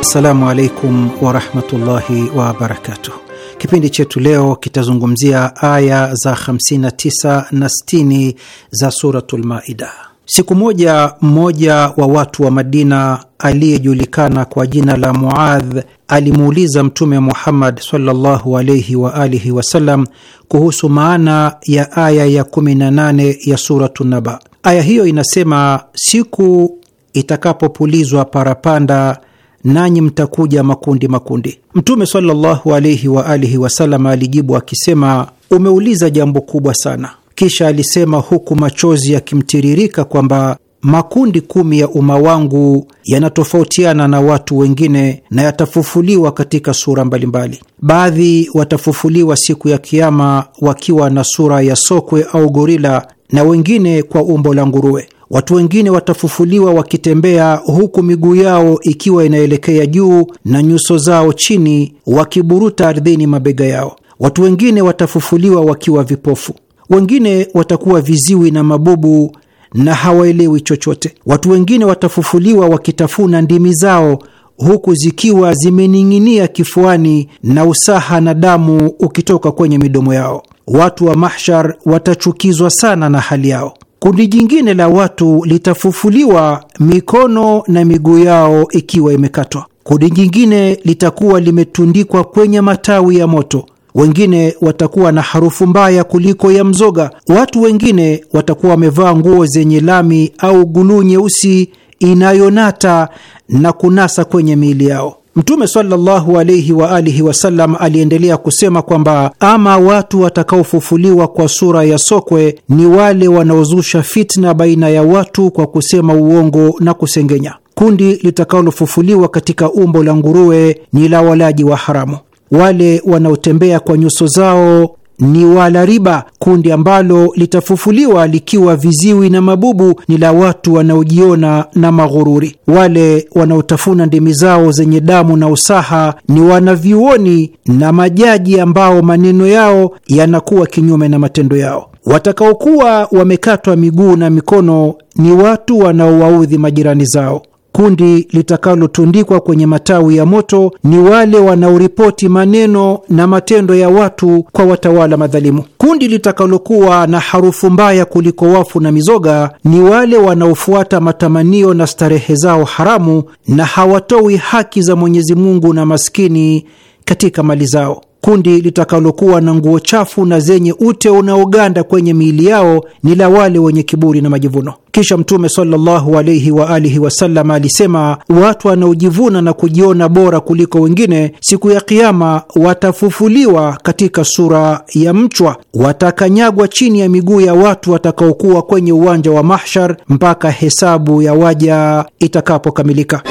Assalamu alaikum warahmatullahi wabarakatuh. Kipindi chetu leo kitazungumzia aya za 59 na 60 za Suratul Maida. Siku moja mmoja wa watu wa Madina aliyejulikana kwa jina la Muadh alimuuliza Mtume Muhammad sallallahu alaihi wa alihi wasallam kuhusu maana ya aya ya 18 ya Suratu Naba. Aya hiyo inasema, siku itakapopulizwa parapanda nanyi mtakuja makundi makundi. Mtume sallallahu alaihi wa alihi wasallam alijibu akisema, umeuliza jambo kubwa sana kisha alisema huku machozi yakimtiririka kwamba makundi kumi ya umma wangu yanatofautiana na watu wengine na yatafufuliwa katika sura mbalimbali. Baadhi watafufuliwa siku ya Kiama wakiwa na sura ya sokwe au gorila, na wengine kwa umbo la nguruwe. Watu wengine watafufuliwa wakitembea huku miguu yao ikiwa inaelekea juu na nyuso zao chini, wakiburuta ardhini mabega yao. Watu wengine watafufuliwa wakiwa vipofu wengine watakuwa viziwi na mabubu na hawaelewi chochote. Watu wengine watafufuliwa wakitafuna ndimi zao huku zikiwa zimening'inia kifuani na usaha na damu ukitoka kwenye midomo yao. Watu wa mahshar watachukizwa sana na hali yao. Kundi jingine la watu litafufuliwa mikono na miguu yao ikiwa imekatwa. Kundi jingine litakuwa limetundikwa kwenye matawi ya moto wengine watakuwa na harufu mbaya kuliko ya mzoga. Watu wengine watakuwa wamevaa nguo zenye lami au guluu nyeusi inayonata na kunasa kwenye miili yao. Mtume sallallahu alaihi wa alihi wasallam aliendelea kusema kwamba ama watu watakaofufuliwa kwa sura ya sokwe ni wale wanaozusha fitna baina ya watu kwa kusema uongo na kusengenya. Kundi litakalofufuliwa katika umbo la nguruwe ni la walaji wa haramu wale wanaotembea kwa nyuso zao ni wala riba. Kundi ambalo litafufuliwa likiwa viziwi na mabubu ni la watu wanaojiona na maghururi. Wale wanaotafuna ndimi zao zenye damu na usaha ni wanavyuoni na majaji ambao maneno yao yanakuwa kinyume na matendo yao. Watakaokuwa wamekatwa miguu na mikono ni watu wanaowaudhi majirani zao. Kundi litakalotundikwa kwenye matawi ya moto ni wale wanaoripoti maneno na matendo ya watu kwa watawala madhalimu. Kundi litakalokuwa na harufu mbaya kuliko wafu na mizoga ni wale wanaofuata matamanio na starehe zao haramu na hawatoi haki za Mwenyezi Mungu na maskini katika mali zao. Kundi litakalokuwa na nguo chafu na zenye ute unaoganda kwenye miili yao ni la wale wenye kiburi na majivuno. Kisha Mtume sallallahu alaihi wa alihi wasallam alisema, watu wanaojivuna na kujiona bora kuliko wengine siku ya Kiama watafufuliwa katika sura ya mchwa, watakanyagwa chini ya miguu ya watu watakaokuwa kwenye uwanja wa Mahshar mpaka hesabu ya waja itakapokamilika.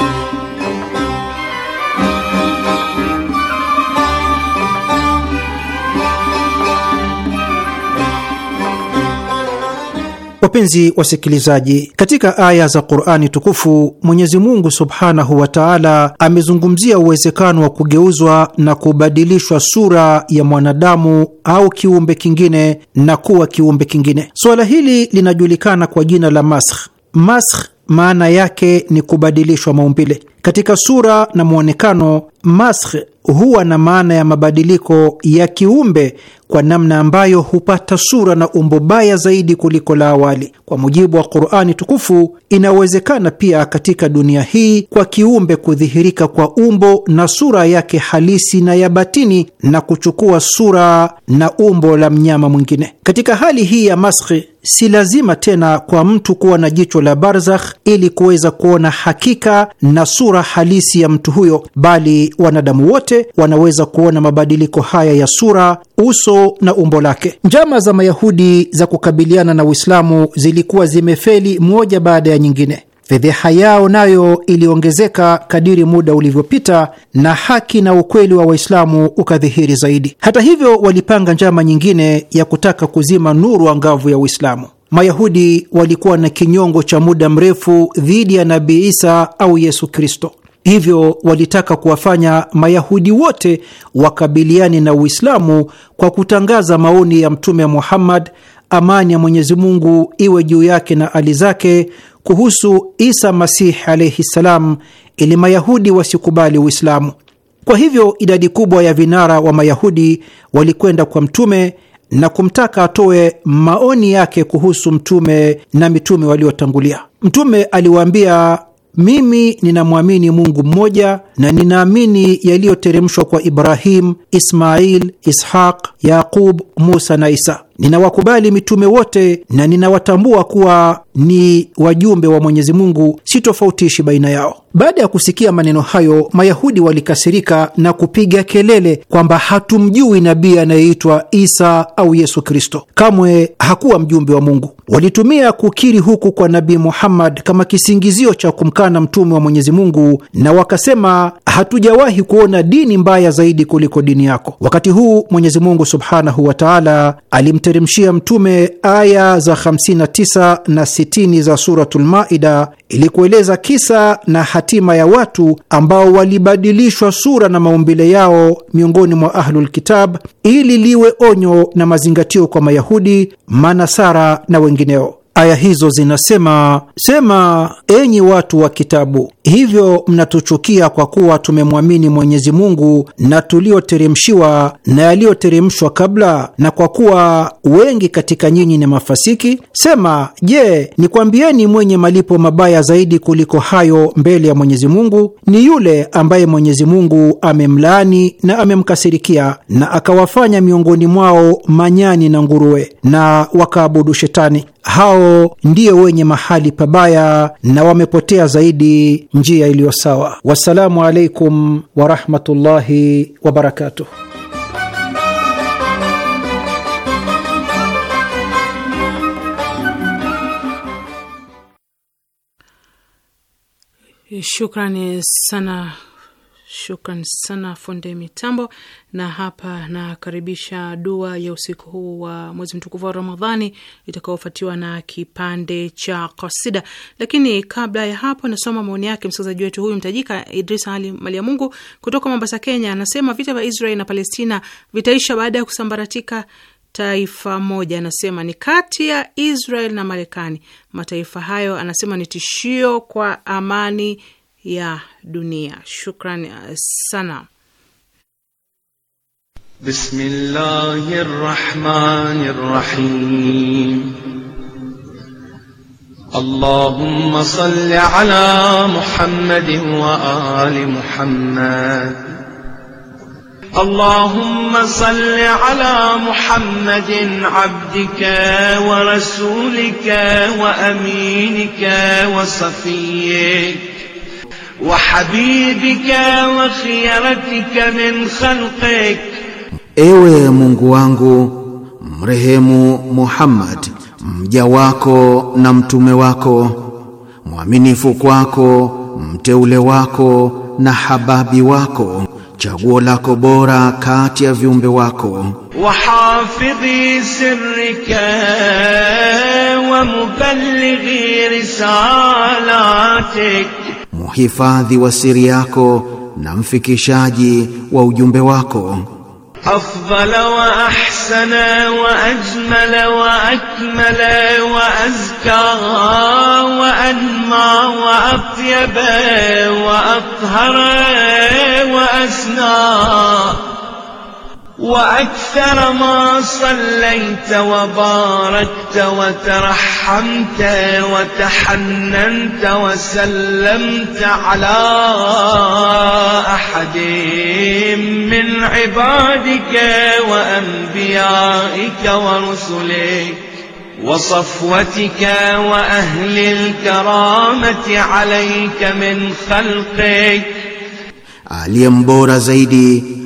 Wapenzi wasikilizaji, katika aya za Qurani tukufu Mwenyezi Mungu subhanahu wa taala amezungumzia uwezekano wa kugeuzwa na kubadilishwa sura ya mwanadamu au kiumbe kingine na kuwa kiumbe kingine. Suala hili linajulikana kwa jina la maskh. Maskh maana yake ni kubadilishwa maumbile katika sura na mwonekano Masr huwa na maana ya mabadiliko ya kiumbe kwa namna ambayo hupata sura na umbo baya zaidi kuliko la awali. Kwa mujibu wa Qur'ani tukufu, inawezekana pia katika dunia hii kwa kiumbe kudhihirika kwa umbo na sura yake halisi na ya batini na kuchukua sura na umbo la mnyama mwingine. Katika hali hii ya maskhi, si lazima tena kwa mtu kuwa na jicho la barzakh ili kuweza kuona hakika na sura halisi ya mtu huyo, bali wanadamu wote wanaweza kuona mabadiliko haya ya sura, uso na umbo lake. Njama za Mayahudi za kukabiliana na Uislamu zilikuwa zimefeli moja baada ya nyingine. Fedheha yao nayo iliongezeka kadiri muda ulivyopita na haki na ukweli wa Waislamu ukadhihiri zaidi. Hata hivyo, walipanga njama nyingine ya kutaka kuzima nuru angavu ya Uislamu. Mayahudi walikuwa na kinyongo cha muda mrefu dhidi ya Nabii Isa au Yesu Kristo. Hivyo walitaka kuwafanya Mayahudi wote wakabiliane na Uislamu kwa kutangaza maoni ya Mtume Muhammad, amani ya Mwenyezi Mungu iwe juu yake na ali zake, kuhusu Isa Masihi alaihi ssalam, ili Mayahudi wasikubali Uislamu. Kwa hivyo idadi kubwa ya vinara wa Mayahudi walikwenda kwa Mtume na kumtaka atoe maoni yake kuhusu mtume na mitume waliotangulia. Mtume aliwaambia mimi ninamwamini Mungu mmoja na ninaamini yaliyoteremshwa kwa Ibrahim, Ismail, Ishaq, Yaqub, Musa na Isa. Ninawakubali mitume wote na ninawatambua kuwa ni wajumbe wa Mwenyezi Mungu, sitofautishi baina yao. Baada ya kusikia maneno hayo, Mayahudi walikasirika na kupiga kelele kwamba hatumjui nabii anayeitwa Isa au Yesu Kristo, kamwe hakuwa mjumbe wa Mungu. Walitumia kukiri huku kwa Nabii Muhammad kama kisingizio cha kumkana mtume wa Mwenyezi Mungu, na wakasema hatujawahi kuona dini mbaya zaidi kuliko dini yako. Wakati huu Mwenyezi Mungu subhanahu wataala alim kumteremshia Mtume aya za 59 na 60 za Suratul Maida ili kueleza kisa na hatima ya watu ambao walibadilishwa sura na maumbile yao miongoni mwa Ahlulkitab ili liwe onyo na mazingatio kwa Mayahudi, Manasara na wengineo. Aya hizo zinasema: Sema, enyi watu wa Kitabu, hivyo mnatuchukia kwa kuwa tumemwamini Mwenyezi Mungu na tulioteremshiwa na yaliyoteremshwa kabla, na kwa kuwa wengi katika nyinyi ni mafasiki. Sema, je, nikwambieni mwenye malipo mabaya zaidi kuliko hayo mbele ya Mwenyezi Mungu ni yule ambaye Mwenyezi Mungu amemlaani na amemkasirikia, na akawafanya miongoni mwao manyani na nguruwe, na wakaabudu Shetani hao ndio wenye mahali pabaya na wamepotea zaidi njia iliyo sawa. Wassalamu alaikum warahmatullahi wabarakatuh. Shukrani sana Shukran sana fundi mitambo, na hapa nakaribisha dua ya usiku huu wa mwezi mtukufu wa Ramadhani itakaofuatiwa na kipande cha kasida. Lakini kabla ya hapo, nasoma maoni yake msikilizaji wetu huyu mtajika Idris Ali Mali ya Mungu kutoka Mombasa, Kenya. Anasema vita vya Israel na Palestina vitaisha baada ya kusambaratika taifa moja. Anasema ni kati ya Israel na Marekani. Mataifa hayo anasema ni tishio kwa amani ya dunia. Shukran sana. Bismillahir Rahmanir Rahim. Allahumma salli ala Muhammadin wa ali Muhammad. اللهم صل على محمد عبدك ورسولك وامينك وصفيك وحبيبك وخيرتك من خلقك Ewe مungu wangu mrehemu Muhammad mja wako na mtume wako mwaminifu kwako mteule wako na hababi wako chaguo lako bora kati ya viumbe wako wahafidhi sirrika wa mubalighi risalatika muhifadhi wa siri yako na mfikishaji wa ujumbe wako أفضل وأحسن وأجمل وأكمل وأزكى وأنمى وأطيب وأطهر وأسنى وأكثر ما صليت وباركت وترحمت وتحننت وسلمت على أحد من عبادك وأنبيائك ورسلك وصفوتك وأهل الكرامة عليك من خلقك علي مبورة زيدي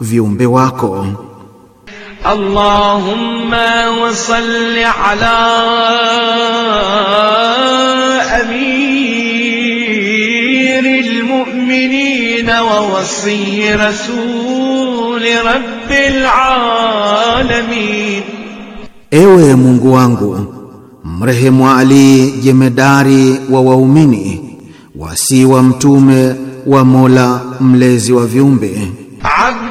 viumbe wako. Allahumma wa salli ala amiril mu'minin wa wasi rasul rabbil alamin, ewe Mungu wangu mrehemu Ali jemedari wa waumini wasi wa mtume wa Mola mlezi wa viumbe.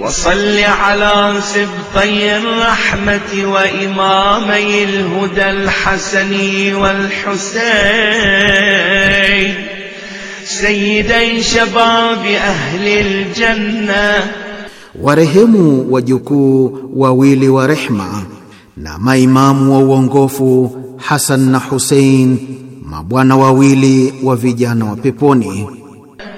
وصل على سبطي الرحمة وإمامي الهدى الحسن والحسين سيدي شباب أهل الجنة ورحموا وجكو وويل ورحمة نما إمام وونغوفو حسن حسين ما بوانا وويل وفيجانا وبيبوني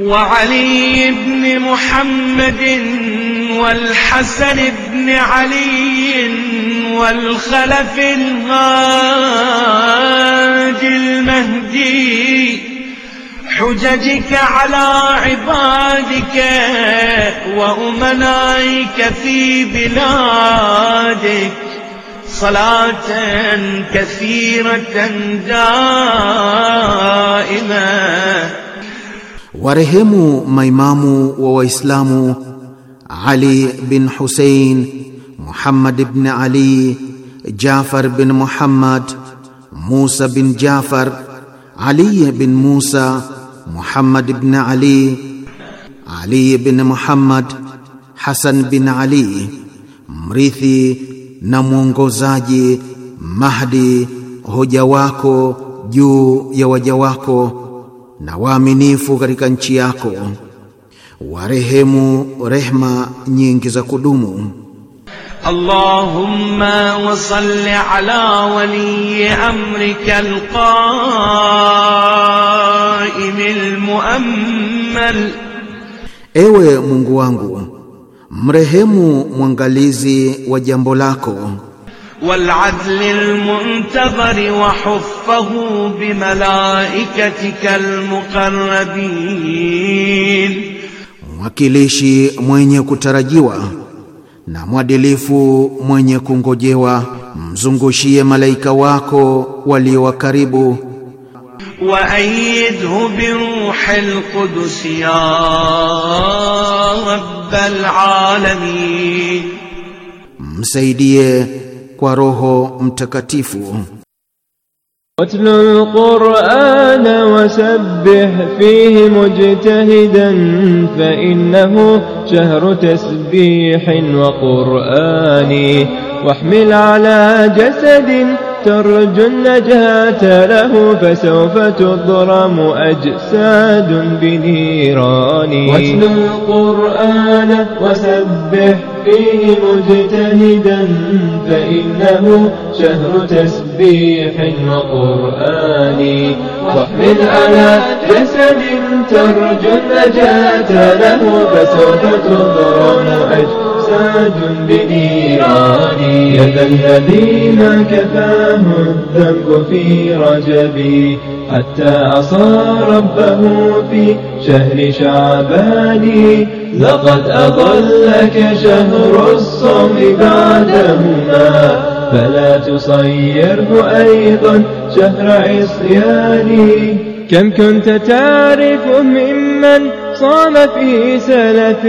وعلي بن محمد والحسن بن علي والخلف الهادي المهدي حججك على عبادك وأمنائك في بلادك صلاة كثيرة دائمة Warehemu maimamu wa Waislamu Ali bin Hussein, Muhammad ibn Ali, Jafar bin Muhammad, Musa bin Jafar, Ali bin Musa, Muhammad ibn Ali, Ali bin Muhammad, Hasan bin Ali, mrithi na mwongozaji Mahdi, hoja wako juu ya waja wako na waaminifu katika nchi yako, warehemu rehma nyingi za kudumu. Allahumma wa salli ala wali amrika alqaim almuammal, ewe Mungu wangu mrehemu mwangalizi wa jambo lako والعدل المنتظر وحفه بملائكتك المقربين mwakilishi mwenye kutarajiwa na mwadilifu mwenye kungojewa mzungushie malaika wako walio wa karibu وأيده بروح القدس يا رب alamin msaidie kwa Roho Mtakatifu. واتل القرآن وسبح فيه مجتهدا فإنه شهر تسبيح وقرآن واحمل على جسد ترجو النجاة له فسوف تضرم أجساد بنيران واتلو القرآن وسبح فيه مجتهدا فإنه شهر تسبيح وقرآن واحمل على جسد ترجو النجاة له فسوف تضرم أجساد معتاد بنيراني يد الذين كفاه الذنب في رجبي حتى عصى ربه في شهر شعبان لقد أضلك شهر الصوم بعدهما فلا تصيره أيضا شهر عصياني كم كنت تعرف ممن صام في سلف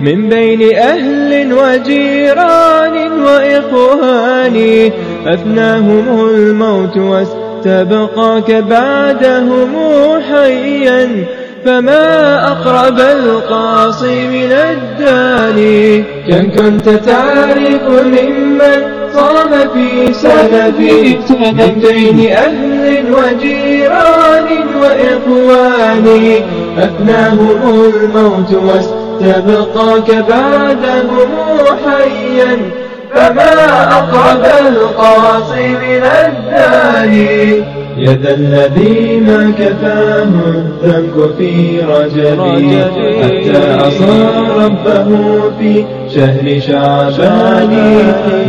من بين أهل وجيران وإخوان أفناهم الموت واستبقاك بعدهم حيا فما أقرب القاصي من الداني كم كنت تعرف ممن صام في سلفي من بين أهل وجيران وإخوان أفناهم الموت واستبقاك تبقاك بعده حيا فما أقرب القاصي من الداني يد الذين كفاه الذنب في رجبي حتى عصى ربه في شهر شعبان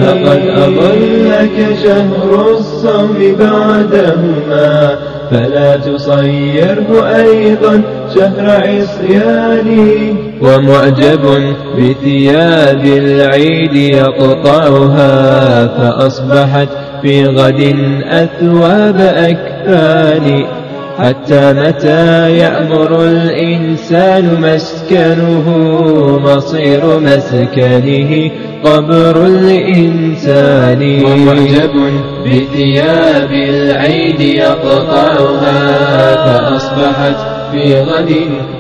لقد أضلك شهر الصوم بعدهما فلا تصيره أيضا شهر عصياني ومعجب بثياب العيد يقطعها فأصبحت في غد أثواب أكفاني حتى متى يأمر الإنسان مسكنه مصير مسكنه قبر الإنسان ومعجب بثياب العيد يقطعها فأصبحت في غد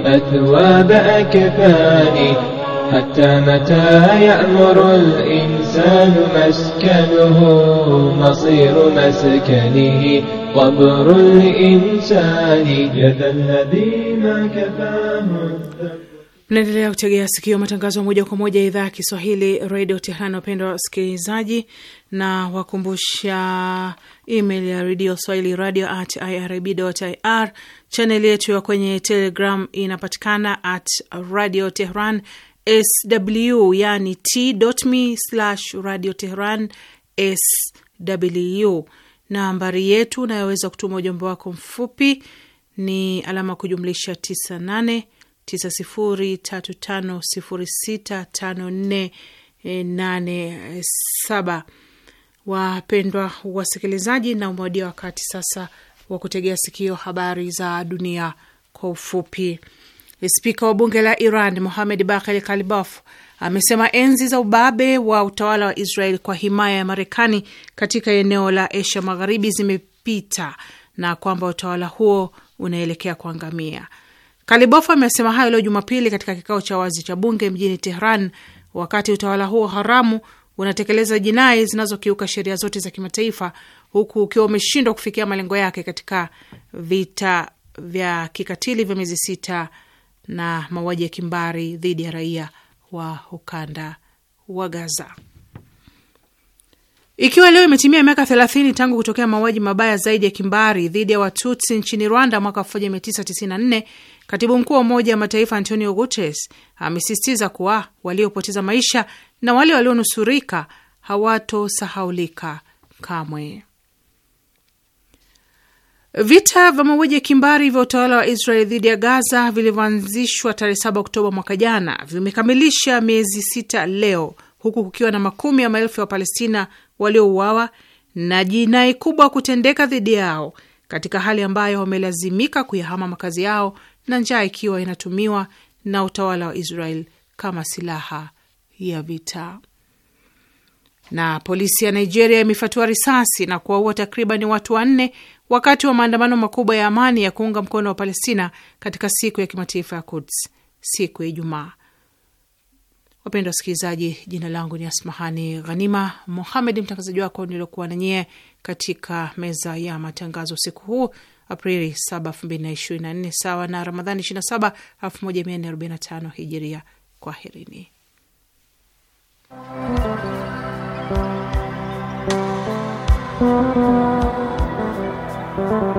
أثواب أكفاني حتى متى يأمر الإنسان مسكنه مصير مسكنه قبر الإنسان يد الذي ما كفاه Mnaendelea kutegea sikio matangazo ya moja kwa moja idhaa ya Kiswahili redio Tehran. Wapendwa wasikilizaji, na wakumbusha email ya redio swahili radio at irib Chaneli yetu ya kwenye Telegram inapatikana at radio Tehran sw yani t.me slash radio Tehran sw. Nambari yetu unayoweza kutuma ujumbe wako mfupi ni alama kujumlisha 98 eh, eh, Wapendwa wasikilizaji, na umewadia wakati sasa wa kutegea sikio habari za dunia kwa ufupi. Spika wa bunge la Iran Mohamed Baghel Kalibaf amesema enzi za ubabe wa utawala wa Israel kwa himaya ya Marekani katika eneo la Asia Magharibi zimepita na kwamba utawala huo unaelekea kuangamia. Kalibof amesema hayo leo Jumapili katika kikao cha wazi cha bunge mjini Tehran, wakati utawala huo haramu unatekeleza jinai zinazokiuka sheria zote za kimataifa huku ukiwa umeshindwa kufikia malengo yake katika vita vya kikatili vya miezi sita na mauaji ya kimbari dhidi ya raia wa ukanda wa Gaza. Ikiwa leo imetimia miaka 30 tangu kutokea mauaji mabaya zaidi ya kimbari dhidi ya Watutsi nchini Rwanda mwaka 1994, katibu mkuu wa Umoja wa Mataifa Antonio Guterres amesisitiza kuwa waliopoteza maisha na wale walionusurika hawatosahaulika kamwe. Vita vya mauaji ya kimbari vya utawala wa Israel dhidi ya Gaza vilivyoanzishwa tarehe 7 Oktoba mwaka jana vimekamilisha miezi sita leo, huku kukiwa na makumi ya maelfu ya Wapalestina waliouawa na jinai kubwa kutendeka dhidi yao katika hali ambayo wamelazimika kuyahama makazi yao na njaa ikiwa inatumiwa na utawala wa Israel kama silaha ya vita. Na polisi ya Nigeria imefatua risasi na kuwaua takriban watu wanne wakati wa maandamano makubwa ya amani ya kuunga mkono wa Palestina katika siku ya kimataifa ya Quds siku ya Ijumaa. Wapendwa wasikilizaji, jina langu ni Asmahani Ghanima Muhamed, mtangazaji wako niliokuwa nanyie katika meza ya matangazo usiku huu Aprili 7, 2024 sawa na Ramadhani 27, 1445 Hijiria. Kwaherini. Thank you.